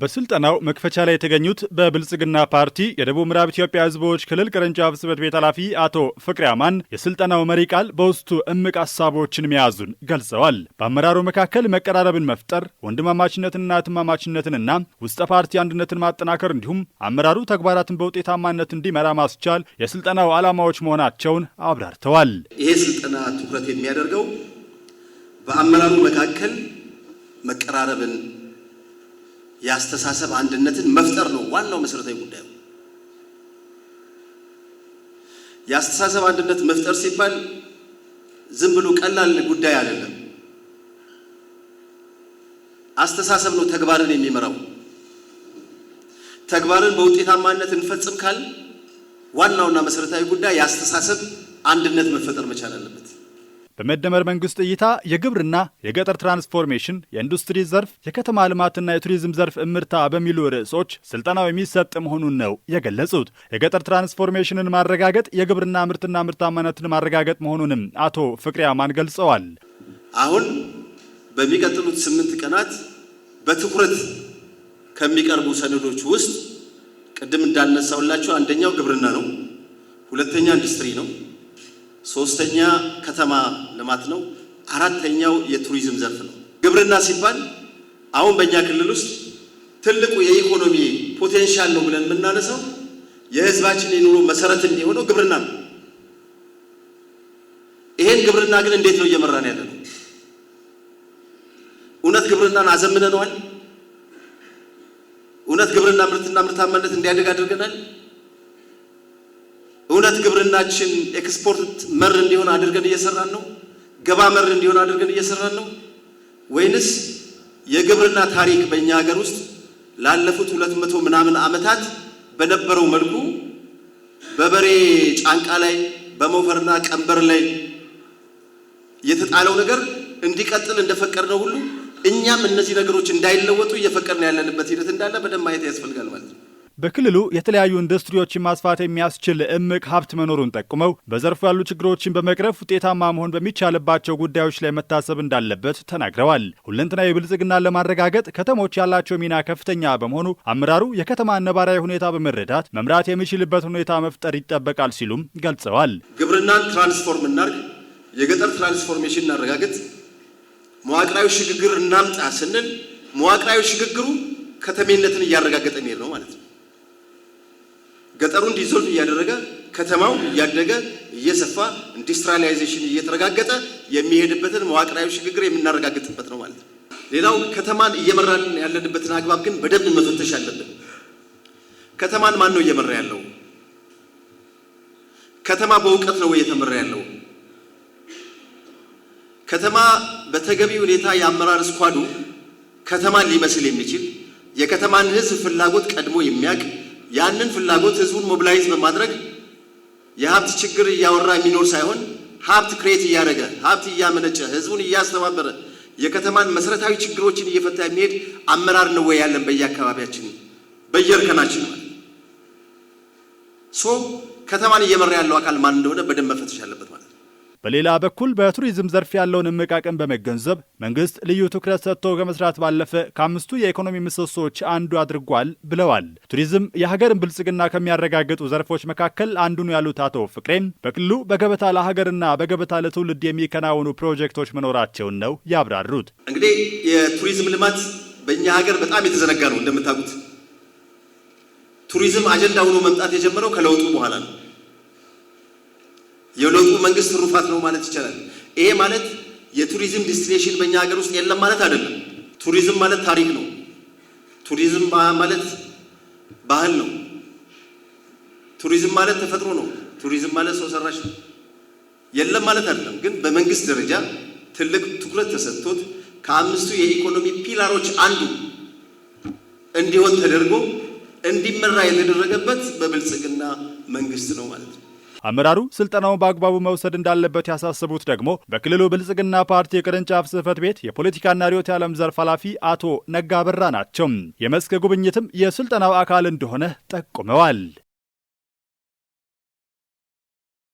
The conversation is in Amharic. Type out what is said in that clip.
በስልጠናው መክፈቻ ላይ የተገኙት በብልጽግና ፓርቲ የደቡብ ምዕራብ ኢትዮጵያ ህዝቦች ክልል ቅርንጫፍ ጽሕፈት ቤት ኃላፊ አቶ ፍቅሬ አማን የስልጠናው መሪ ቃል በውስጡ እምቅ ሀሳቦችን መያዙን ገልጸዋል። በአመራሩ መካከል መቀራረብን መፍጠር፣ ወንድማማችነትንና ትማማችነትንና ውስጠ ፓርቲ አንድነትን ማጠናከር እንዲሁም አመራሩ ተግባራትን በውጤታማነት እንዲመራ ማስቻል የስልጠናው ዓላማዎች መሆናቸውን አብራርተዋል። ይሄ ስልጠና ትኩረት የሚያደርገው በአመራሩ መካከል መቀራረብን የአስተሳሰብ አንድነትን መፍጠር ነው ዋናው መሰረታዊ ጉዳዩ። የአስተሳሰብ አንድነት መፍጠር ሲባል ዝም ብሎ ቀላል ጉዳይ አይደለም። አስተሳሰብ ነው ተግባርን የሚመራው። ተግባርን በውጤታማነት እንፈጽም ካል ዋናውና መሰረታዊ ጉዳይ የአስተሳሰብ አንድነት መፈጠር መቻል አለበት። በመደመር መንግስት እይታ የግብርና የገጠር ትራንስፎርሜሽን፣ የኢንዱስትሪ ዘርፍ፣ የከተማ ልማትና የቱሪዝም ዘርፍ እምርታ በሚሉ ርዕሶች ስልጠናው የሚሰጥ መሆኑን ነው የገለጹት። የገጠር ትራንስፎርሜሽንን ማረጋገጥ የግብርና ምርትና ምርታማነትን ማረጋገጥ መሆኑንም አቶ ፍቅሬ አማን ገልጸዋል። አሁን በሚቀጥሉት ስምንት ቀናት በትኩረት ከሚቀርቡ ሰነዶች ውስጥ ቅድም እንዳነሳውላቸው አንደኛው ግብርና ነው፣ ሁለተኛ ኢንዱስትሪ ነው ሶስተኛ ከተማ ልማት ነው። አራተኛው የቱሪዝም ዘርፍ ነው። ግብርና ሲባል አሁን በእኛ ክልል ውስጥ ትልቁ የኢኮኖሚ ፖቴንሻል ነው ብለን የምናነሳው የህዝባችን የኑሮ መሰረት የሆነው ግብርና ነው። ይሄን ግብርና ግን እንዴት ነው እየመራን ያለ ነው? እውነት ግብርናን አዘምነነዋል? እውነት ግብርና ምርትና ምርታማነት እንዲያደግ አድርገናል? እውነት ግብርናችን ኤክስፖርት መር እንዲሆን አድርገን እየሰራን ነው? ገባ መር እንዲሆን አድርገን እየሰራን ነው? ወይንስ የግብርና ታሪክ በእኛ ሀገር ውስጥ ላለፉት ሁለት መቶ ምናምን ዓመታት በነበረው መልኩ በበሬ ጫንቃ ላይ በሞፈርና ቀንበር ላይ የተጣለው ነገር እንዲቀጥል እንደፈቀድነው ሁሉ እኛም እነዚህ ነገሮች እንዳይለወጡ እየፈቀድነው ያለንበት ሂደት እንዳለ በደንብ ማየት ያስፈልጋል ማለት ነው። በክልሉ የተለያዩ ኢንዱስትሪዎችን ማስፋት የሚያስችል እምቅ ሀብት መኖሩን ጠቁመው በዘርፉ ያሉ ችግሮችን በመቅረፍ ውጤታማ መሆን በሚቻልባቸው ጉዳዮች ላይ መታሰብ እንዳለበት ተናግረዋል። ሁለንተናዊ ብልጽግናን ለማረጋገጥ ከተሞች ያላቸው ሚና ከፍተኛ በመሆኑ አመራሩ የከተማ ነባራዊ ሁኔታ በመረዳት መምራት የሚችልበት ሁኔታ መፍጠር ይጠበቃል ሲሉም ገልጸዋል። ግብርናን ትራንስፎርም እናርግ፣ የገጠር ትራንስፎርሜሽን እናረጋግጥ፣ መዋቅራዊ ሽግግር እናምጣ ስንል መዋቅራዊ ሽግግሩ ከተሜነትን እያረጋገጠ ሚሄድ ነው ማለት ነው። ገጠሩን ዲዞልቭ እያደረገ ከተማው እያደገ እየሰፋ ኢንዱስትሪያላይዜሽን እየተረጋገጠ የሚሄድበትን መዋቅራዊ ሽግግር የምናረጋግጥበት ነው ማለት ነው። ሌላው ከተማን እየመራን ያለንበትን አግባብ ግን በደንብ መፈተሽ አለብን። ከተማን ማን ነው እየመራ ያለው? ከተማ በእውቀት ነው እየተመራ ያለው? ከተማ በተገቢ ሁኔታ የአመራር ስኳዱ ከተማን ሊመስል የሚችል የከተማን ሕዝብ ፍላጎት ቀድሞ የሚያውቅ ያንን ፍላጎት ህዝቡን ሞቢላይዝ በማድረግ የሀብት ችግር እያወራ የሚኖር ሳይሆን ሀብት ክሬት እያደረገ ሀብት እያመነጨ ህዝቡን እያስተባበረ የከተማን መሰረታዊ ችግሮችን እየፈታ የሚሄድ አመራር ነው ወይ ያለን በየአካባቢያችን በየእርከናችን ሶ ከተማን እየመራ ያለው አካል ማን እንደሆነ በደንብ መፈተሽ አለበት ማለት ነው። በሌላ በኩል በቱሪዝም ዘርፍ ያለውን እምቅ አቅም በመገንዘብ መንግስት ልዩ ትኩረት ሰጥቶ ከመስራት ባለፈ ከአምስቱ የኢኮኖሚ ምሰሶዎች አንዱ አድርጓል ብለዋል። ቱሪዝም የሀገርን ብልጽግና ከሚያረጋግጡ ዘርፎች መካከል አንዱ ነው ያሉት አቶ ፍቅሬም በክልሉ በገበታ ለሀገርና በገበታ ለትውልድ የሚከናወኑ ፕሮጀክቶች መኖራቸውን ነው ያብራሩት። እንግዲህ የቱሪዝም ልማት በእኛ ሀገር በጣም የተዘነጋ ነው። እንደምታውቁት ቱሪዝም አጀንዳ ሆኖ መምጣት የጀመረው ከለውጡ በኋላ ነው። የለውጡ መንግስት ትሩፋት ነው ማለት ይቻላል። ይሄ ማለት የቱሪዝም ዲስቲኔሽን በእኛ ሀገር ውስጥ የለም ማለት አይደለም። ቱሪዝም ማለት ታሪክ ነው። ቱሪዝም ማለት ባህል ነው። ቱሪዝም ማለት ተፈጥሮ ነው። ቱሪዝም ማለት ሰው ሰራሽ ነው። የለም ማለት አይደለም። ግን በመንግስት ደረጃ ትልቅ ትኩረት ተሰጥቶት ከአምስቱ የኢኮኖሚ ፒላሮች አንዱ እንዲሆን ተደርጎ እንዲመራ የተደረገበት በብልጽግና መንግስት ነው ማለት ነው። አመራሩ ስልጠናውን በአግባቡ መውሰድ እንዳለበት ያሳሰቡት ደግሞ በክልሉ ብልጽግና ፓርቲ የቅርንጫፍ ጽህፈት ቤት የፖለቲካና ርዕዮተ ዓለም ዘርፍ ኃላፊ አቶ ነጋ በራ ናቸው። የመስክ ጉብኝትም የስልጠናው አካል እንደሆነ ጠቁመዋል።